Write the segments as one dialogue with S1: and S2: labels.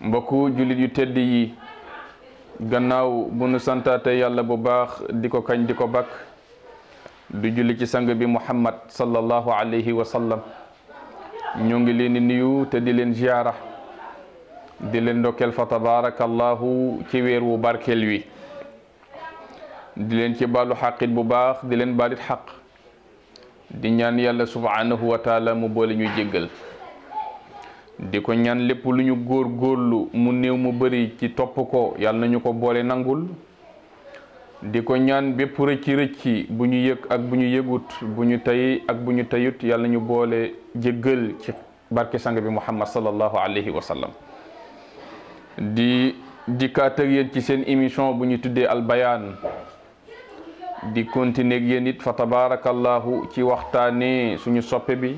S1: mbokku jullit yu tedd yi gannaaw bu nu santaate yàlla bu baax di ko kañ di ko bakk du julli ci sang bi muhammad sallallahu alayhi wa ñu ngi leen di nuyu te di leen ziyaara di leen ndokkeel fa tabaarakallahu ci weer wu barkel wi di leen ci baalu xaqit bu baax di leen baalit xaq di ñaan yàlla subhanahu wa taala mu boole ñu jéggal di ko ñaan lépp lu ñu góor góorlu mu néew mu bari ci topp ko yàlla nañu ko boole nangul di ko ñaan bépp rëcci rëcci bu ñu yëg ak bu ñu yëgut bu ñu tey ak bu ñu teyut yàlla ñu boole jéggal ci barke sang bi muhammad sallallahu alayhi wa sallam di dikkaat ak yéen ci seen émission bu ñu tuddee albayaan di continuer ak yéen it fa tabaarakallahu ci waxtaanee suñu soppe bi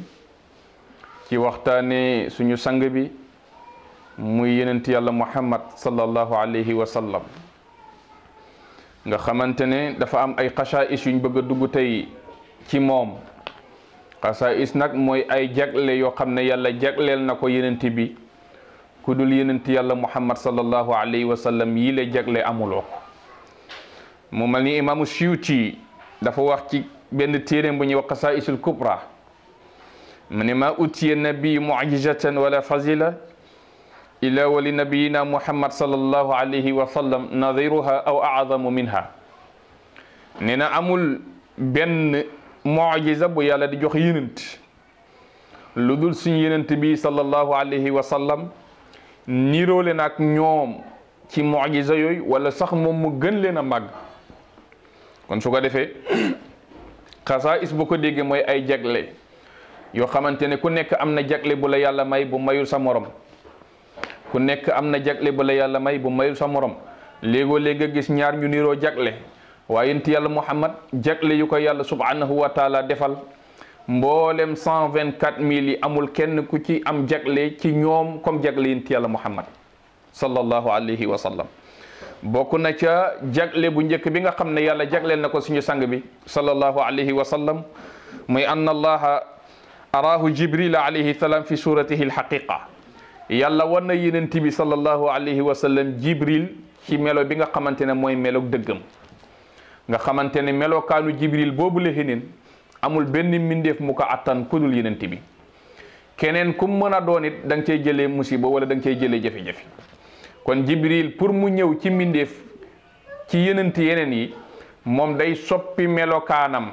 S1: ci waxtaane suñu sang bi muy yenent yàlla muhammad sallallahu alayhi wa sallam nga xamante ne dafa am ay xasaais yuñ bëgg a dugg tey ci moom xasaais nag mooy ay jagle yoo xam ne yàlla jagleel na ko yenent bi ku dul yenent yàlla muhammad sallallahu alayhi wa sallam yii la jagle amuloo ko mu mel ni imaamu siyuti dafa wax ci benn téeréem bu ñuy wax xasaaisul kubra mu ne maa utiya nabi mucjizatan wala fazila ila wali nabiyina muhammad salallahu alayhi wa sallam nadiruha aw acdamu minha nee na amul benn mucjiza bu yàlla di jox yenent lu dul suñu yenent bi salallahu alayhi wa sallam niroole na ak ñoom ci mucjiza yooyu wala sax moom mu gën leen a màgg kon su ko defee xasaa is bu ko déggee mooy ay jagle yoo xamante ne ku nekk am na jagle bu la yàlla may bu mayul sa morom ku nekk am na jagle bu la yàlla may bu mayul sa morom léegoo léegi gis ñaar ñu niroo jagle waaye yonent yàlla Muhammad jagle yu ko yàlla subhanahu wa taala defal mboolem cent vingt quatre mille yi amul kenn ku ci am jagle ci ñoom comme jagle yonent yàlla Muhammad sallallahu alayhi wa sallam bokk na jagle bu njëkk bi nga xam ne yàlla jagleel na ko suñu sang bi sallallahu alayhi wa sallam anna allaha araahu jibril alayhi salaam fi suratihi alxaqiqa yàlla wan na yenent bi sallallahu alayhi wa sallam jibril ci melo bi nga xamante ne mooy meloog dëggam nga xamante ne melokaanu jibril boobu la xeneen amul benn mbindeef mu ko attan kudul yenent bi keneen kum mën a doon dang da nga cey jëlee musiba wala da nga cey jëlee jafe kon jibril pour mu ñëw ci mbindeef ci yenent yeneen yi moom day soppi melokaanam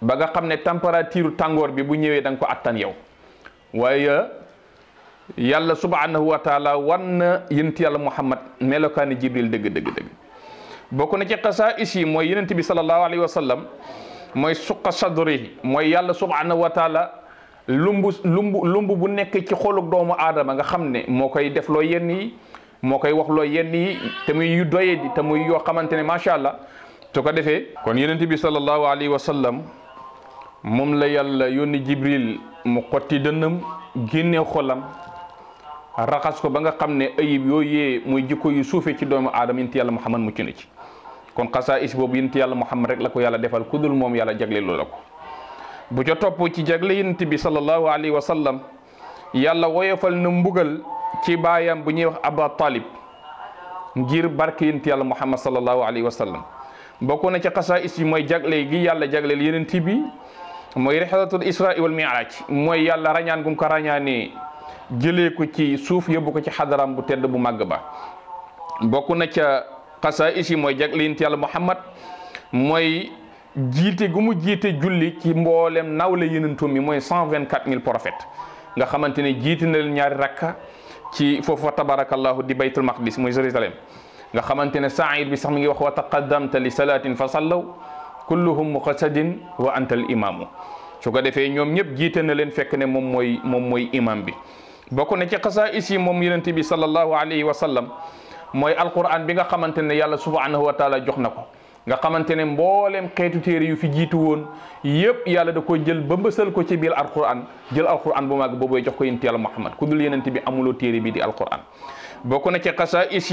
S1: ba nga xam ne température tàngoor bi bu ñëwee danga ko attan yow waaye yàlla subhanahu wa taala wan na yàlla muhammad melokaani jibril dëgg dëgg dëgg bokk na ci xasaa is yi mooy yenent bi salallahu alayhi wa sallam mooy suqa sadri mooy yàlla subhanahu wa taala lumbu lumbu lumbu bu nekk ci xolu doomu aadama nga xam ne moo koy def loo yenn yi moo koy wax loo yenn yi te muy yu di te muy yoo xamante ne macha allah su ko defee kon yenent bi salallahu alayhi wa sallam moom la yàlla yónni jibril mu xotti dënnam génne xolam raxas ko ba nga xam ne ayib yooyee muy jikko yu suufe ci doomu aadama yonent yàlla muhammad mucc na ci kon xasaa is boobu yonent yàlla muhammad rek la ko yàlla defal ku dul moom yàlla jagle loola ko bu ca toppoo ci jagle yonent bi sallallahu alayhi wa sallam yàlla woyofal na mbugal ci baayam bu ñuy wax aba talib ngir barke yonent yàlla muhammad sallallahu alayhi wa sallam bokk na ci xasaa is yi mooy rixlatul isra wal mi'raj mooy yàlla rañaan gum ko rañaanee jëlee ko ci suuf yóbbu ko ci xadaram bu tedd bu màgg ba bokk na ca xasaa'is yi mooy jaglint yàlla muhammad mooy jiite gu mu jiite julli ci mboolem nawle yenentum mi mooy cent vingt quatre mille prophètes nga xamante ne jiite na leen ñaari rakka ci foofu fa tabarakallahu di baytul maqdis mooy Jérusalem nga xamante ne saayir bi sax mi ngi wax wa taqaddamta li salatin fa sallaw kulluhum muqtasadin wa antal imaamu su ko defee ñoom ñëpp jiite na leen fekk ne moom mooy moom mooy imam bi bokk na ci xasaa is yi moom yonent bi sallallahu alayhi wa sallam mooy alquran bi nga xamante ne yàlla subhanahu wa taala jox na ko nga xamante ne mbooleem xeetu téere yu fi jiitu woon yëpp yàlla da ko jël ba mbësal ko ci biir alquran jël alquran bu mag boobu jox ko yonent yàlla muhammad ku dul yonent bi amuloo téere bi di alquran bokk na ci xasaa is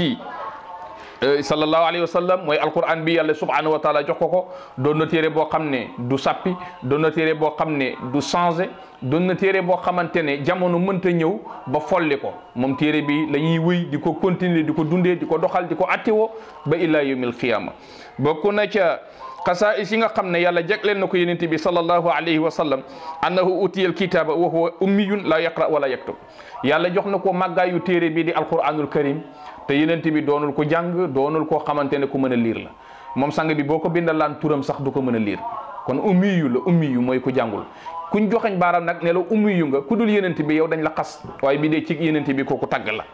S1: Eh, sallallahu alayhi wa sallam mooy alquran bi yàlla subhanahu wa taala jox ko ko doon na téere boo xam ne du sappi doon na téere boo xam ne du changé doon na téere boo xamante ne jamono mënta ñëw ba folli ko moom téere bi la ñuy di ko continuer di ko dundee di ko doxal di ko attiwoo ba illa yawmil qiyaama bokk na ca xasaa'is yi nga xam ne yàlla jagleel na ko yonent bi sallallahu alayhi wa sallam annahu utiyal kitaaba wa huwa ummiyun la yaqra wala yaktub yàlla jox na ko màggaayu téere bi di alquranul karim te yenent bi doonul ko jàng doonul koo xamante ne ku mën a liir la moom sang bi boo ko bindal bindalaan turam sax du ko mën a liir kon ummi yu la ummi yu mooy ku jàngul kuñ joxeñ baaraam nag ne la ummi yu nga ku dul yenent bi yow dañ la xas waaye bi dee ci yenent bi kooku tagg la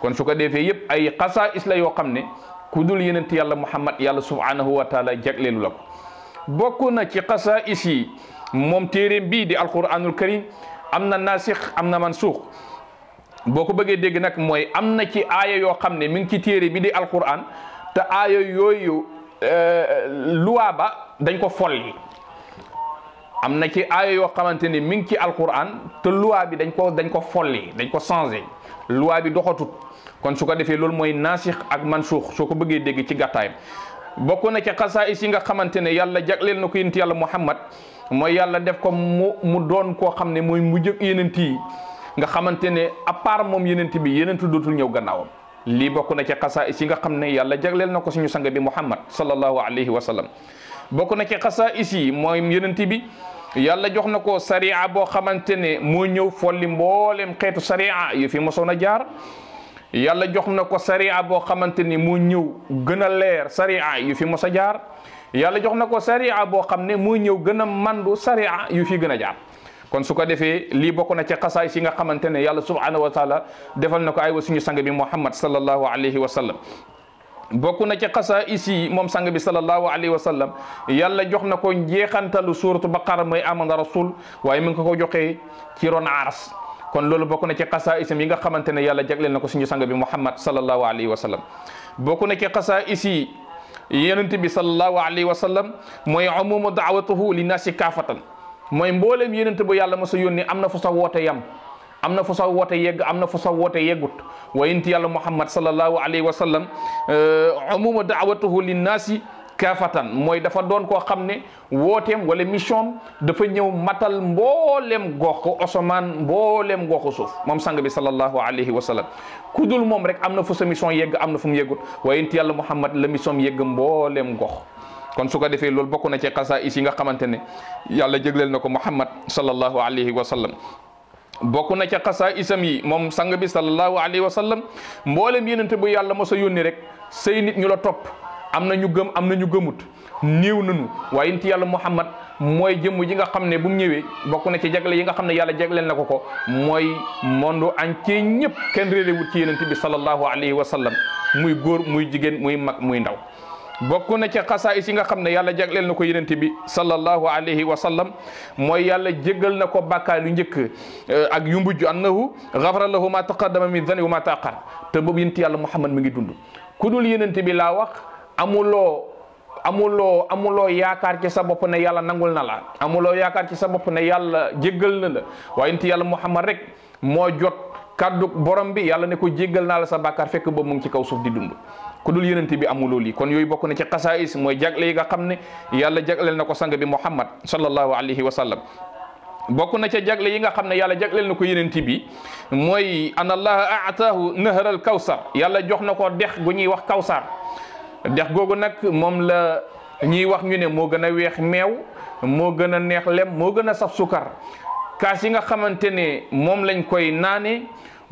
S1: kon su ko defee yëpp ay xasaa is la yoo xam ne ku dul ti yàlla muhammad yàlla subhanahu wa taala jagleelu la ko bokk na ci xasaa is yi moom téeréem bii di alquranul karim am na naasix am na mansuux boo ko bëggee dégg nag mooy am na ci aaya yoo xam ne mi ngi ci téere bi di alquran te aaya yooyu euh, luwaa ba dañ ko folli am na ci aaya yoo xamante ni mi ngi ci alquran te luwaa bi dañ ko dañ ko folli dañ ko changé luwaa bi doxatut kon su ko defee lool mooy naasix ak mansuux soo ko bëggee dégg ci gàttaayam bokk na ci xasaayis yi nga xamante ne yàlla jagleel na ko yonent yàlla muhammad mooy yàlla def ko mu mu doon koo xam ne mooy mujj yonent yi nga xamante ne à part moom yenent bi yenentu dootul ñëw gannaawam lii bokk na ci xasaais yi nga xam ne yàlla jagleel na ko suñu sang bi muhammad sallallahu alayhi wa sallam bokk na ci xasaais yi mooy yenent bi yàlla jox na ko sariya boo xamante ne moo ñëw folli mbooleem xeetu sariya yu fi mosoon a jaar yàlla jox na ko sariya boo xamante ni moo ñëw gën a leer sariya yu fi mos a jaar yàlla jox na ko sariya boo xam ne moo ñëw gën a mandu sariya yu fi gën a jaar kon su ko defee lii bokk na ci xasaay si nga xamante ne yàlla subhanahu wa taala defal na ko ay wa suñu sang bi muhammad sallallahu alayhi wa sallam bokk na ci xasa isi moom sang bi sallallahu alayhi wa sallam yàlla jox na ko njeexantalu suuratu baqara mooy amana rasul waaye mi ngi ko ko joxee ci ron aras kon loolu bokk na ci xasa isam yi nga xamante ne yàlla jagleel na ko suñu sang bi muhammad sallallahu alayhi wa sallam bokk na ci xasa isi yonent bi sallallahu alayhi wa sallam mooy umumu daawatuhu li naasi kaafatan mooy mbooleem yonent bu yàlla ma sa yónni am na fu sax woote yam am na fu sa woote yegg am na fu sax woote yeggut wa yonent yàlla muhammad sallallahu alayhi wa sallam euh, umuma daawatuhu linnaasi kaafatan mooy dafa doon koo xam ne woote wala mission dafa ñëw matal mboolem goxu osomaan mboolem goxu suuf moom sang bi sallallahu alayhi wa sallam ku moom rek am na fu sa mission yegg am na fu mu yeggut waaye it yàlla muhammad la mission yegg mboolem gox kon su ko defee loolu bokk na ci xasaayis yi nga xamante ne yàlla jëgleel na ko muhammad sallallahu alayhi wa sallam bokk na ca xasaa isam yi moom sang bi sallallahu alayhi wa sallam mboolem yonent bu yàlla mos a yónni rek say nit ñu la topp am na ñu gëm am na ñu gëmut néew nañu waaye yonent yàlla muhammad mooy jëmm ji nga xam ne bu mu ñëwee bokk na ci jagle yi nga xam ne yàlla jagleel na ko ko mooy monde entier ñëpp kenn réeré wut ci yonent bi sallallahu alayhi wa muy góor muy jigéen muy mag muy ndaw bokk na ca xasaayis yi nga xam ne yàlla jagleel na ko yonent bi sallallahu alayhi wa sallam mooy yàlla jéggal na ko bàkkaar yu njëkk eh, ak yu mbujj annahu gafara lahu ma taqaddama min dani wa ma taaqar te boobu yonent yàlla Muhammad mi ngi dund ku dul bi laa wax amuloo amuloo amuloo yaakaar ci sa bopp ne yàlla nangul na la amuloo yaakaar ci sa bopp ne yàlla jéggal na la waaye yonent yàlla Muhammad rek moo jot kàddu borom bi yàlla ne ko jéggal naa la sa bàkkaar fekk boobu mu ngi ci kaw suuf di dund ku dul yonent bi amuloo lii kon yooyu bokk na ci xasaayis mooy jagle yi nga xam ne yàlla jagleel na ko sang bi muhammad sallallahu alayhi wa sallam bokk na ca jagle yi nga xam ne yàlla jagleel na ko yonent bi mooy an allaha aataahu naharal kawsar yàlla jox na ko dex gu ñuy wax kawsar dex googu nag moom la ñuy wax ñu ne moo gën a weex meew moo gën a neex lem moo gën a saf sukar kaas nga xamante ne moom lañ koy naane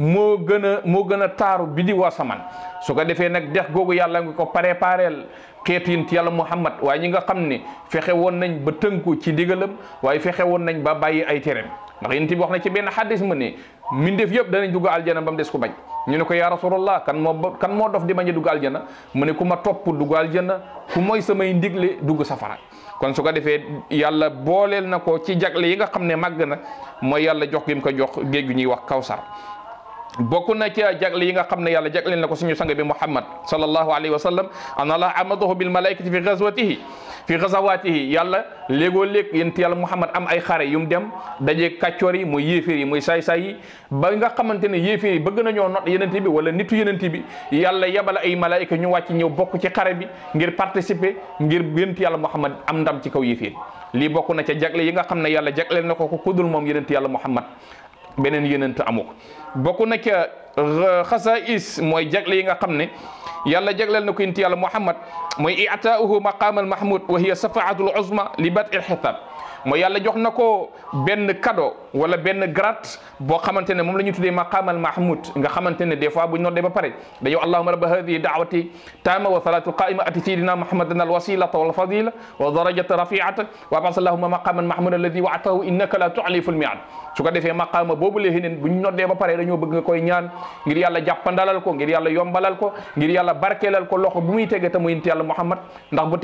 S1: moo gën a moo gën a taaru bi di waa wasaman su ko defee nag dex googu yàlla ngi ko prépareel xeetu yonent yàlla muhammad waaye ñi nga xam ne fexe woon nañ ba tënku ci digalam waaye fexe woon nañ ba bàyyi ay tereem ndax yonent bi wax na ci benn xaddis ma ne mbindeef yëpp danañ dugg aljana ba mu des ko bañ ñu ne ko yaa rasulallah kan moo kan moo dof di bañ a dugg aljana mu ne ku ma topp dugg aljana ku mooy samay ndigle dugg safara kon su ko defee yàlla booleel na ko ci jagle yi nga xam ne màgg na mooy yàlla jox gi ko jox géej gu ñuy wax kawsar bokku na ci jagle yi nga xam ne yàlla jagleel na ko suñu sang bi muhammad sallallahu alayhi wa sallam ana la amadahu bil malaikati fi gazwatihi fi gazawatihi yàlla léegoo léeg yent yàlla muhammad am ay xare yu mu dem daje kàccoor yi muy yéeféer yi muy yi ba nga xamante ne yéeféer yi bëgg nañoo not yenente bi wala nitu yenente bi yàlla yebal ay malaayika ñu wàcc ñëw bokk ci xare bi ngir participer ngir yent yàlla muhammad am ndam ci kaw yéeféer lii bokk na ca jagle yi xam ne yàlla jagleel na ko ko kudul moom yenent yàlla muhammad beneen yonent amu ko bokk na ca euh, xasaïs mooy jagle yi nga xam ne yàlla jagleel na ko yonent yàlla Muhammad mooy i'taa'uhu maqaamal mahmud wa hiya safaatul uzma li bat il xisaab mooy yàlla jox na ko benn cadeau wala benn grade boo xamante ne moom la ñu tuddee maqaamal mahmud nga xamante ne des fois bu ñu noddee ba pare da yow allahuma rabba hadihi daawati taama wa salatu qaima ati sayidina muhammadan alwasilata walfadila wa darajata rafiata wa bas allahuma maqaaman mahmud alladi waatahu innaka la tuxlifu lmiad su ko defee maqaama boobu léegi neen bu ñu noddee ba pare dañoo bëgg nga koy ñaan ngir yàlla jàppandalal ko ngir yàlla yombalal ko ngir yàlla barkeelal ko loxo bu muy tegee te muy yàlla muhammad ndax bu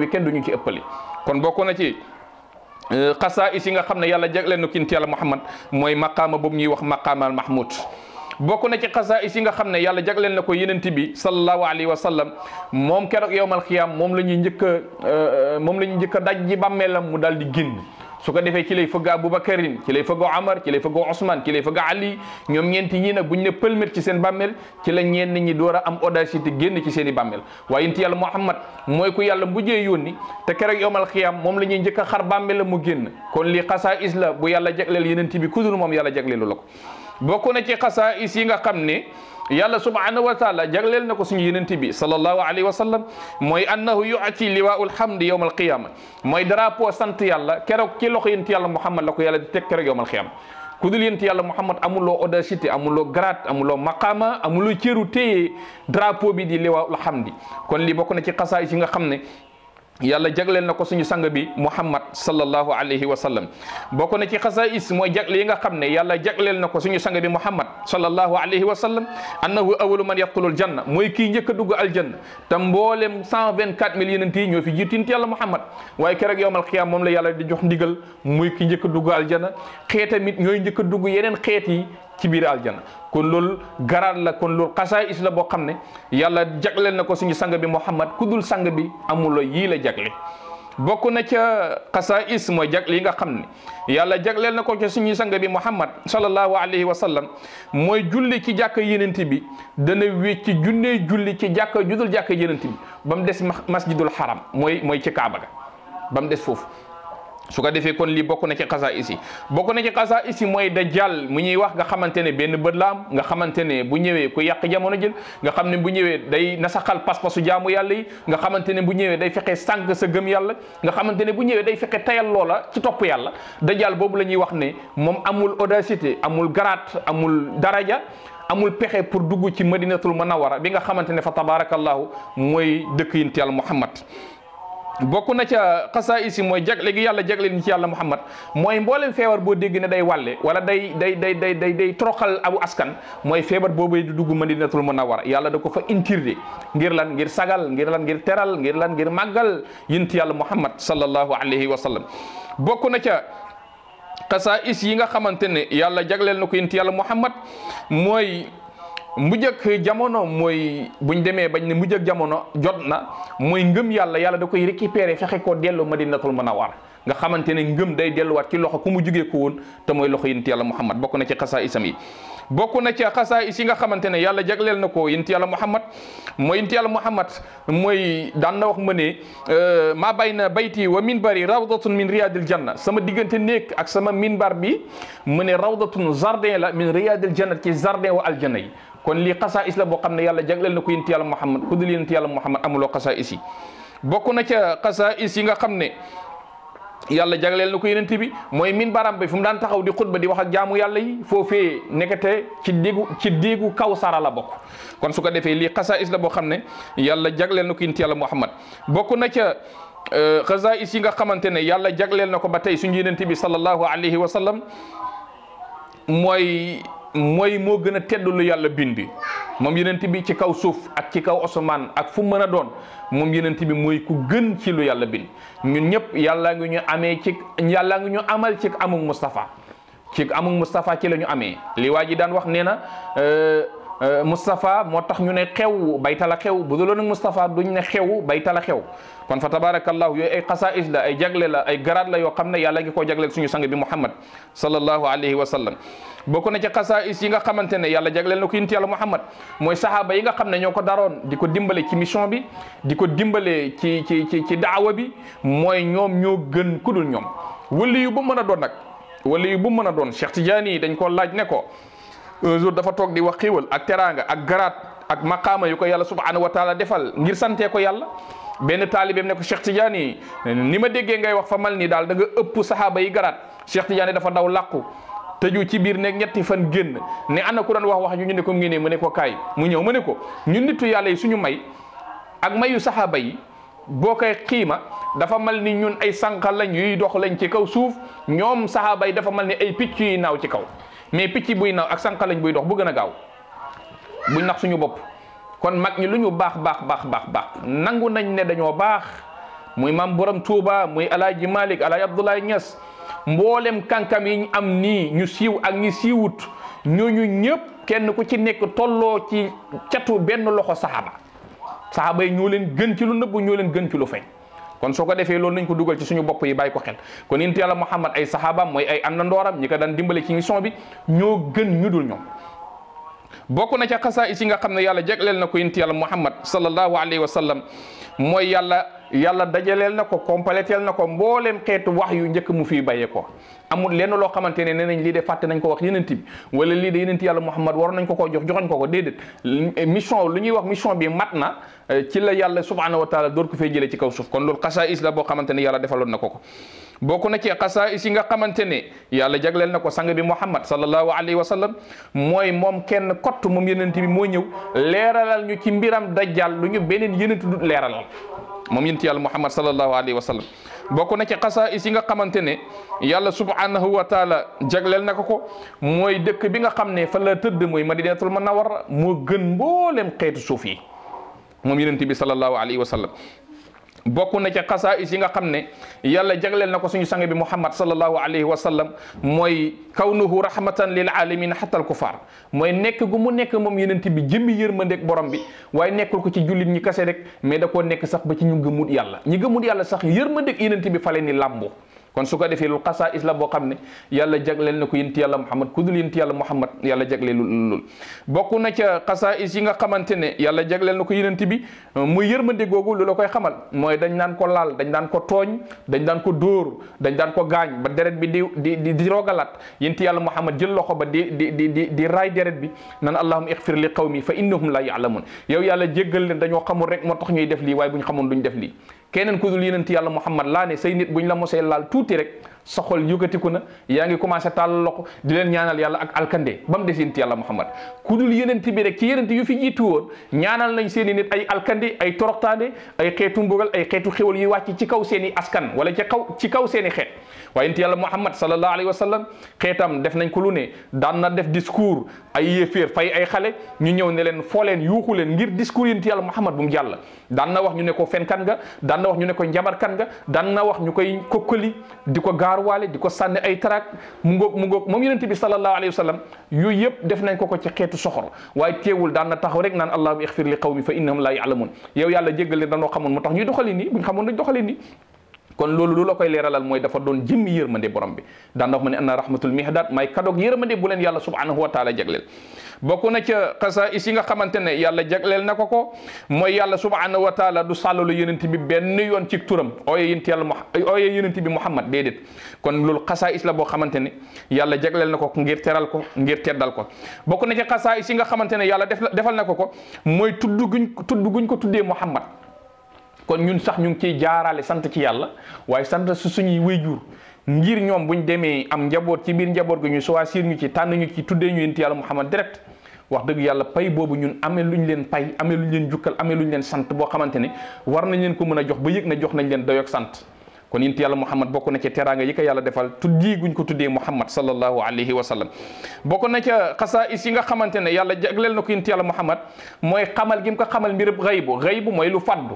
S1: wi kenn duñu ci ëppale kon bokk na Euh, xasaa is yi nga xam ne yàlla jagleen nu kinti yàlla Muhammad mooy maqaama boobu ñuy wax maqaamal mahmud bokk na ci xasaa is nga xam ne yàlla jagleel na ko yenent bi sallallahu alayhi wa sallam moom keroog yowmal xiyaam moom la ñuy njëkk a euh, moom la njëkk a daj ji bàmmeelam mu daal di génn su ko defee ci lay fëgg Aboubacarin ci lay fëgg Amar ci lay fëgg Ousmane ci lay fëgg Ali ñoom ñeenti ñii nag buñ ne pëlmét ci seen bàmmeel ci la ñenn ñi door a am audacité génn ci seen i bàmmeel waaye inti Muhammad mooy ku yàlla mujjee yónni te keroog yowmal xiyam moom la ñuy njëkk a xar mu génn kon lii xasaa is la bu yàlla jagleel yeneen ti bi kudul moom yàlla jagleelu la ko bokk na ci xasaa is yi nga xam ne yàlla subhanahu wa taala jagleel na ko suñu yonent bi sallallahu alayhi wa sallam mooy annahu yuati liwaul hamdi yowm alqiyama mooy drapeau sant yàlla keroog ki loxo yonent yàlla muhammad la ko yàlla di teg keroog yowm alqiyama ku dul yonent yàlla muhammad amuloo audacité amuloo grade amuloo maqama amuloo cëru téye drapeau bi di liwaul hamdi kon li bokk na ci xasaay yi nga xam ne yàlla jagleel na ko suñu sang bi muhammad sallallahu alayhi wa sallam bokk na ci xasaïs mooy jagle yi nga xam ne yàlla jagleel na ko suñu sang bi muhammad sallallahu alayhi wa sallam annahu awalu man yadxulul janna mooy ki njëkk a dugg aljanna te mboolem cent vingt quatre mille yeneen yi ñoo fi jiitu yàlla muhammad waaye keroog yowmal xiyaam moom la yàlla di jox ndigal muy ki njëkk a dugg aljanna xeetamit ñooy njëkk a dugg yeneen xeet yi ci biir aljanna kon loolu garaat la kon loolu kasa is la boo xam ne yàlla jagleel na ko suñu sang bi Muhammad ku dul sang bi amuloo yii la jagle bokk na ca xasaa is mooy jag li nga xam ne yàlla jagleel na ko ca suñu sang bi Muhammad sallallahu alayhi wa sallam mooy julli ki jàkka yenent bi dana wécc ci junnee julli ci jàkka judul jàkka yenent bi ba mu des masjidul haram mooy mooy ci Kaaba ga ba des foofu su ko defee kon lii bokk na ci xasaa isi bokk na ci xasaa isi mooy dajjal mu ñuy wax nga xamante ne benn bët laam nga xamante ne bu ñëwee ku yàq jamono jël nga xam ne bu ñëwee day nasaxal pas-pasu jaamu yàlla yi nga xamante ne bu ñëwee day fexe sànq sa gëm yàlla nga xamante ne bu ñëwee day fexe tayal loola ci topp yàlla dajjal boobu lañuy wax ne moom amul audacité amul garaat amul daraja amul pexe pour dugg ci madinatul munawwara bi nga xamante ne fa tabarakallahu mooy dëkk yinti yàlla muhammad bokk na ca xasaa isi mooy jagle gi yàlla jagleel ñi ci yàlla muhammad mooy mboolem feebar boo dégg ne day walle wala day day day day day day troxal abu askan mooy feebar boobu di dugg madinatul munawwara yàlla da ko fa intirde ngir lan ngir sagal ngir lan ngir teral ngir lan ngir màggal yinti yàlla muhammad sallallahu alayhi wa sallam bokk na ca xasaa is yi nga xamante ne yàlla jagleel na ko yonent yàlla muhammad mooy mujjëg jamono mooy buñ demee bañ ne mujjëg jamono jot na mooy ngëm yàlla yàlla da koy récupérer fexe koo ma madinatul war nga xamante ne ngëm day delluwaat ci loxo ku mu jugee ko woon te mooy loxo yonent yàlla muhammad bokk na ci kasa isam yi bokk na ci xasaa is yi nga xamante ne yàlla jagleel na ko yonent yàlla muhammad mooy yonent yàlla muhammad mooy daan na wax ma ne euh, maa bay na bayti wa minbari rawdatun min riyadil janna sama diggante nekk ak sama minbar bi mu ne rawdatun jardin la min riyadil janna ci jardin wa aljanna yi kon lii xasaayis la boo xam ne yàlla jagleel na ko yonent yàlla Muhammad ku dul yonent yàlla Muhammad amuloo xasaayis yi bokk na ca xasaayis yi nga xam ne yàlla jagleel na ko yonent bi mooy min baram bi fu mu daan taxaw di xutba di wax jaamu yàlla yi foofee nekkate ci ci déggu kaw sara la bokk kon su ko defee lii xasaayis la boo xam ne yàlla jagleel na ko yonent yàlla Muhammad bokk na ca euh, xasaayis yi nga xamante ne yàlla jagleel na ko ba tey suñu yonent bi sallallahu alayhi wa sallam mooy mooy moo gën a tedd lu yàlla bindi moom yenent bi ci kaw suuf ak ci kaw asamaan ak fu mën a doon moom yenent bi mooy ku gën ci lu yàlla bind ñun ñëpp yàlla ngi ñu amee ci yàllaa ngi ñu amal ci amug Moustapha ci amug Moustapha ci la ñu amee li ji daan wax nee na euh, Euh, Moustapha moo tax ñu ne xew baytala xew bu duloon ak Moustapha duñ ne xew baytala xew kon fa tabarakallahu yooyu ay xasaïs la ay jagle la ay garaat la yoo xam ne yàlla ngi koo jagleel suñu sang bi Muhammad sallallahu alayhi wa sallam bokk na ci xasaïs yi nga xamante ne yàlla jagleel na ko yonent yàlla Muhammad mooy sahaaba yi nga xam ne ñoo ko daroon di ko dimbale ci mission bi di ko dimbale ci ci ci ci daawa bi mooy ñoom ñoo gën ku dul ñoom wali yu bu mën a doon nag wali yu bu mën a doon Cheikh Tidiane yi dañ koo laaj ne ko un dafa toog di wax xiiwal ak teraanga ak garaat ak maqaama yu ko yàlla subhanahu wa taala defal ngir santee ko yàlla benn taalibeem ne ko Cheikh Tidiane ni ma déggee ngay wax fa mal nii daal da nga ëpp saxaaba yi garaat Cheikh Tidiane dafa daw làqu tëju ci biir nekk ñetti fan génn ne ana ku doon wax wax ñu ñu ne ko ngi ne mu ne ko kaay mu ñëw mu ne ko ñun nitu yàlla yi suñu may ak mayu saxaaba yi boo koy xiima dafa mal ni ñun ay sànq lañ yuy dox lañ ci kaw suuf ñoom saxaaba yi dafa mal ni ay picc yuy naaw ci kaw mais picc buy naw ak sànqalañ buy dox bu gën a gaaw buñ nax suñu bopp kon mag ñi lu ñu baax baax baax baax baax nangu nañ ne dañoo baax muy maam borom Touba muy alaaji Malick alaaji Abdoulaye Niass mboolem kànkam yi ñu am nii ñu siiw ak ñi siiwut ñooñu ñëpp kenn ku ci nekk tolloo ci catu benn loxo saxaaba saxaaba yi ñoo leen gën ci lu nëbb ñoo leen gën ci lu feeñ kon soo ko defee loolu nañ ko dugal ci suñu bopp yi bàyyi ko xel kon yonent yàlla Muhammad ay saxaabaam mooy ay àndandooram ñi ko daan dimbale ci mission bi ñoo gën ñu dul ñoom bokk na ca xasaa yi nga xam ne yàlla jagleel na ko yonent yàlla Muhammad sallallahu alayhi wa sallam mooy yàlla yàlla dajaleel na ko compléteel na ko mbooleem xeetu wax yu njëkk mu fii bàyyee ko amul lenn loo xamante ne nee nañ lii de fàtte nañ ko wax yenent bi wala lii de yenent yàlla Muhammad war nañ ko koo jox joxañ ko ko déedéet mission lu ñuy wax mission bi mat na ci la yàlla subhanahu wa taala door ko fee jëlee ci kaw suuf kon loolu xasaayis la boo xamante ne yàlla defaloon na ko ko bokk na ci xasaais yi nga xamante ne yàlla jagleel na ko sang bi muhammad sallallahu alayhi wa sallam mooy moom kenn kott moom yenent bi moo ñëw leeralal ñu ci mbiram jal lu ñu beneen yenent du leeralal moom yent yàlla muhammad sallallahu alayhi wa sallam bokk na ci xasaais yi nga xamante ne yàlla subhanahu wa taala jagleel na ko ko mooy dëkk bi nga xam ne fa la tëdd mooy madinatul munawwara moo gën mboolem xeetu suuf yi moom yenent bi sallallahu alayhi wa sallam bokk na ca xasaais yi nga xam ne yàlla jagleel na ko suñu sang bi muhammad sallallahu alayhi wa sallam mooy kawnuhu rahmatan lil alamin xatal kufaar mooy nekk gu mu nekk moom yenent bi jëmmi yërmandeeg borom bi waaye nekkul ko ci jullit ñi kase rek mais da koo nekk sax ba ci ñu gëmut yàlla ñi gëmut yàlla sax yërmandeeg yenent bi fale ni làmbu kon su ko defee lu xasaais la boo xam ne yàlla jagleel na ko yonent yàlla Muhammad ku dul yonent yàlla Muhammad yalla jagleel lool bokk na ca xasaais yi nga xamante ne yàlla jagleel na ko yonent bi muy yërmande googu lu la koy xamal mooy dañ daan ko laal dañ daan ko tooñ dañ daan ko dóor dañ daan ko gaañ ba deret bi di di di di rogalaat yonent yàlla Muhammad jël loxo ba di di di di di raay deret bi nan allahumma ixfir li qawmi fa innahum la ya'lamun yow yàlla jéggal leen dañoo xamul rek moo tax ñuy def lii waaye bu ñu xamoon duñ def lii keneen ku dul yonent yàlla muhammad laa ne say nit buñ la mosee laal tuuti rek sa xol yëkkatiku na yaa ngi commencé taal loxo di leen ñaanal yàlla ak alkande bam mu des yonent yàlla ku dul yonent bi rek ci yonent yu fi jiitu woon ñaanal nañ seen i nit ay alkande ay toroxtaande ay xeetu mbugal ay xeetu xéwal yuy wàcc ci kaw seen i askan wala ci kaw ci kaw i xeet waaye nit yàlla Muhammad sallallahu alayhi wa sallam xeetam def nañ ko lu ne daan na def discours ay yéeféer ay xale ñu ñëw ne leen foo leen yuuxu leen ngir discours yi yàlla Muhammad bu mu jàll daan na wax ñu ne ko fenkan nga daan wax ñu ne ko njabarkan nga daan na wax ñu koy kokkali di ko gaaruwaale di ko sànni ay tarak mu ngoog mu ngoog moom yonente bi sallallahu alayhi wa sallam yooyu yëpp def nañ ko ko ci xeetu soxor waaye teewul daan na taxaw rek naan allahuma ixfir li qawmi fa innahum la ya'lamun yow yàlla jéggal leen danoo xamoon moo tax ñuy doxali nii buñ xamoon dañ doxali nii kon loolu lu la koy leeralal mooy dafa doon jëmmi yërmande borom bi daan wax ma ne ana rahmatul mihdaat may kadoog yërmande bu leen yàlla subhanahu wa taala jagleel bokk na ca xasaais yi nga xamante ne yàlla jagleel na ko ko mooy yàlla subhanahu wa taala du sàllalu yenent bi benn yoon ci turam ooye yent yàlla ooye yenent bi muhammad déedéet kon loolu xasaais la boo xamante ne yàlla jagleel na ko ngir teral ko ngir teddal ko bokk na ca xasaais yi nga xamante ne yàlla defal na ko ko mooy tudd guñ tudd guñ ko tuddee muhammad kon ñun sax ñu ngi ciy jaarale sant ci yàlla waaye sant su suñuy wéyjur ngir ñoom ñu demee am njaboot ci biir njaboot gi ñu choisir ñu ci tànn ñu ci tuddee ñu yonent yàlla Muhammad direct wax dëgg yàlla pay boobu ñun amee luñ leen pay amee luñ leen jukkal amee lu luñ leen sant boo xamante ne war nañ leen ko mën a jox ba yëg na jox nañ leen dayoog sant kon yonent yàlla Muhammad bokk na ci teraanga yi ko yàlla defal tuddi guñ ko tuddee Muhammad sallallahu alayhi wa sallam bokk na ca xasaa'is yi nga xamante ne yàlla jagleel na ko yonent yàlla Muhammad mooy xamal gi ko xamal mbirëb xaybu xaybu mooy lu faddu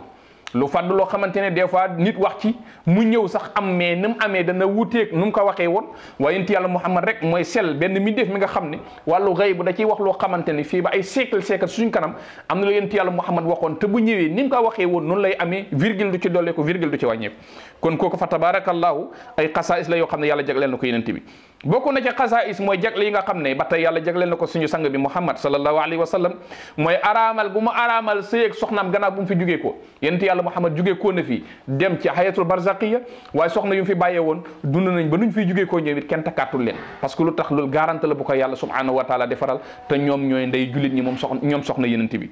S1: lu fàdd loo xamante ne des fois nit wax ci mu ñëw sax am mais ni mu amee dana wuteeg nu mu ko waxee woon waaye yonent yàlla Muhammad rek mooy sell benn mi def mi nga xam ne wàllu xëy bu da ciy wax loo xamante ne fii ba ay siècle siècle suñ kanam am na lu yonent yàlla Muhammad waxoon te bu ñëwee ni mu ko waxee woon noonu lay amee virgule du ci dollee ko virgule du ci wàññeeku kon kooku fa tabarakallahu ay xasaayis la yoo xam ne yàlla jagleel na ko yonent bi bokk na ca xasaayis mooy jagle yi ne ba tey yàlla jagleel na ko suñu sang bi muhammad sallallahu alayhi wa sallam mooy araamal bu mu araamal sëyeeg soxnaam gannaaw bu mu fi jugee ko yonent yàlla muhammad jugee ko na fi dem ci hayatul barzaqiya waaye soxna yu fi bàyyee woon dund nañ ba nuñ fiy jugee koo ñoom it kenn takkaatul leen parce que lu tax loolu garante la bu ko yàlla subhanahu wa taala defaral te ñoom ñooy ndey jullit ñi bi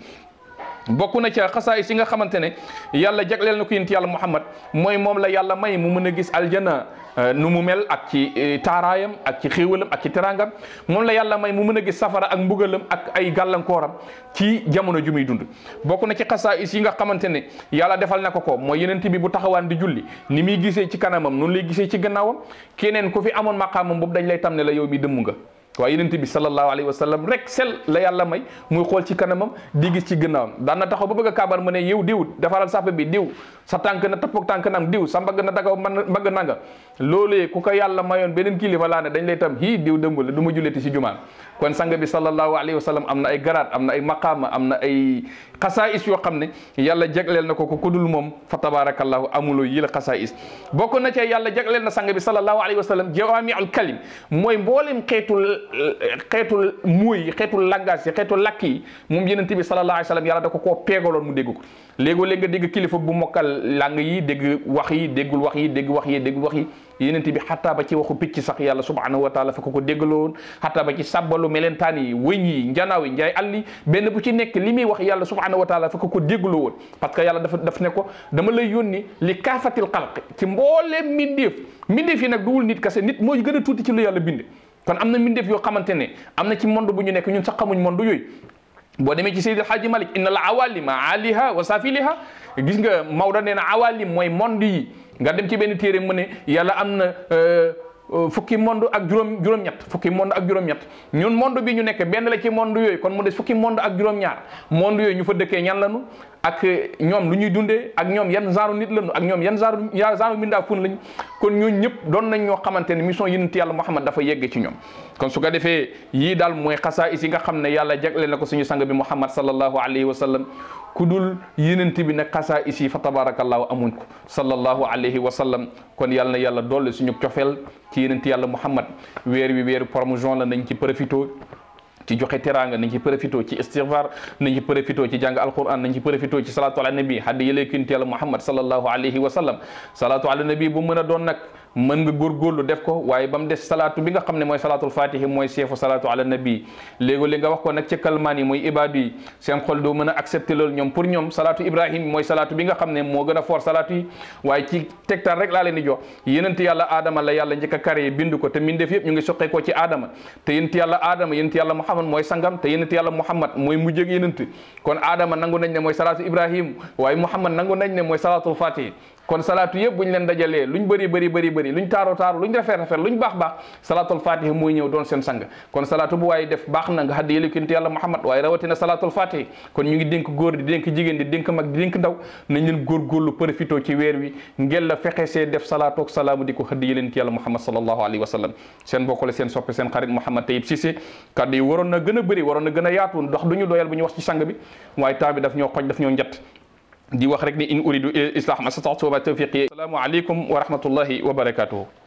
S1: bokk na ca xasaay si nga xamante ne yàlla jagleel na ko yént yàlla muhammad mooy moom la yàlla may mu mën a gis aljana euh, nu mu mel ak ci euh, taaraayam ak ci xéewalam ak ci teraangam moom la yàlla may mu mën a gis safara ak mbugalam ak ay gàllankooram ci jamono ju muy dund bokk na ci xasaay si nga xamante ne yàlla defal na ko ko mooy yeneen bi bu taxawaan di julli ni muy gisee ci kanamam noonu lay gisee ci gannaawam keneen ku fi amoon maqaamam boobu dañ lay tam la yow bi dëmm nga waaye yonent bi sallallahu wa sallam rek sel la yàlla may muy xool ci kanamam di gis ci gannaawam daan na ba bëgg a kaabar mu ne yow diw defaral sàppe bi diw sa tànk na tappoog tànk nang diw sa mbagg na dagaw mbagg nanga loolee ku ko yàlla mayoon beneen kilifa laa ne dañ lay tam hii diw dëmb la du ma julliti si jumaan kon sang bi sallallahu alayhi wa sallam am na ay garaat am na ay maqaama am na ay xasaais yoo xam ne yàlla jagleel na ko ko kudul moom fa tabarakallahu amuloo la xasaais bokk na ci yàlla jagleel na sang bi sallallahu alayhi wa sallam jawaamiul kalim xeetu mooy yi xeetu langage yi xeetu lakk yi moom yenente bi sallallahu alayhi wasallam yàlla da ko koo peegaloon mu dégg ko léegoo léeg nga dégg kilifa bu mokkal lang yi dégg wax yi déggul wax yi dégg wax yi dégg wax yi yenente bi xataa ba ci waxu picc sax yàlla subhanahu wa taala fa ko ko déggaloon xataa ba ci sàbbalu melentaan yi wëñ yi njanaaw yi njaay àll yi benn bu ci nekk li muy wax yàlla subhanahu wa taala fa ko ko déggaloo woon parce que yàlla dafa daf ne ko dama lay yónni li kaafatil xalq ci mbooleem mbindeef mbindeef yi nag duwul nit kase nit mooy gën a tuuti ci lu yàlla binde kon am na mbindeef yoo xamante ne am na ci monde bu ñu nekk ñun sax xamuñ monde yooyu boo demee ci sey Seydi Hadji Malick inna la awalima aliha wa safiliha gis nga Maodo nee na awalim mooy monde yi nga dem ci benn téere mu ne yàlla am na euh, euh, fukki monde ak juróom juróom-ñett fukki monde ak juróom-ñett ñun monde bi ñu nekk benn la ci monde yooyu kon mu des fukki monde ak juróom-ñaar monde yooyu ñu fa dëkkee ñan la lanu ak ñoom lu ñuy dundee ak ñoom yan genre nit lañu ak ñoom yan genre genre mbindaa fun lañ kon ñoo ñëpp doon nañ ñoo xamante ne mission yonent yàlla Muhammad dafa yegg ci ñoom kon su ko defee yii daal mooy xasaayis yi nga xam ne yàlla jagle na ko suñu sang bi Muhammad sallallahu alayhi wa sallam ku dul yonent bi nag xasaayis yi fa tabarakallahu amuñ ko sallallahu alayhi wa sallam kon yàlla na yàlla dolli suñu cofeel ci yonent yàlla Muhammad weer wi weeru promotion la nañ ci profité ci joxe teraanga nañ ci ci istighfar nañ ci ci jàng alquran nañ ci ci salatu ala haddi yëleekin teela muhammad sallallahu alayhi bu mën a doon mën nga góorgóorlu def ko waaye ba mu des salaatu bi nga xam ne mooy salaatul fatihi mooy seefu salaatu ala nabi léegi li nga wax ko nag ci kalmaan yi mooy ibaadu yi seen xol doo mën a accepté loolu ñoom pour ñoom salaatu ibrahim mooy salaatu bi nga xam ne moo gën a fort salaatu yi waaye ci tegtal rek yàlla aadama la yàlla njëkk a kare ko te mbindeef yëpp ñu ngi soqee ko ci aadama te yenent yàlla aadama yenent yàlla muhammad mooy sangam te yenent yàlla muhammad mooy mujjëg yenent kon aadama nangu nañ ne mooy salaatu ibrahim waaye muhammad nangu nañ ne mooy salaatul fatihi kon salaatu yëpp buñ leen dajalee luñ bëri bëri bëri bëri luñ taaro taaru luñ rafet rafet luñ baax baax salaatul fatihi mooy ñëw doon seen sang kon salaatu bu waaye def baax na nga xaddi yële kinti yàlla muhammad waaye rawatina salaatul fatihi kon ñu ngi dénk góor di dénk jigéen di dénk mag di dénk ndaw nañ leen góorgóorlu profito ci weer wi ngel la fexe see def salaatu ak salaamu di ko xaddi yëleen ci yàlla muhammad sallallahu alayhi wa seen bokk la seen soppe seen xarit muhammad tayib sise kaddu yi waroon a bëri a yaatu ndax duñu doyal bu ñu wax ci sang bi waaye temps bi daf ñoo xoj di wax rek ne in uridu islaax ma stata'tu wa ma tawfiqi assalaamu aleykum wa rahmatullahi wa barakatuhu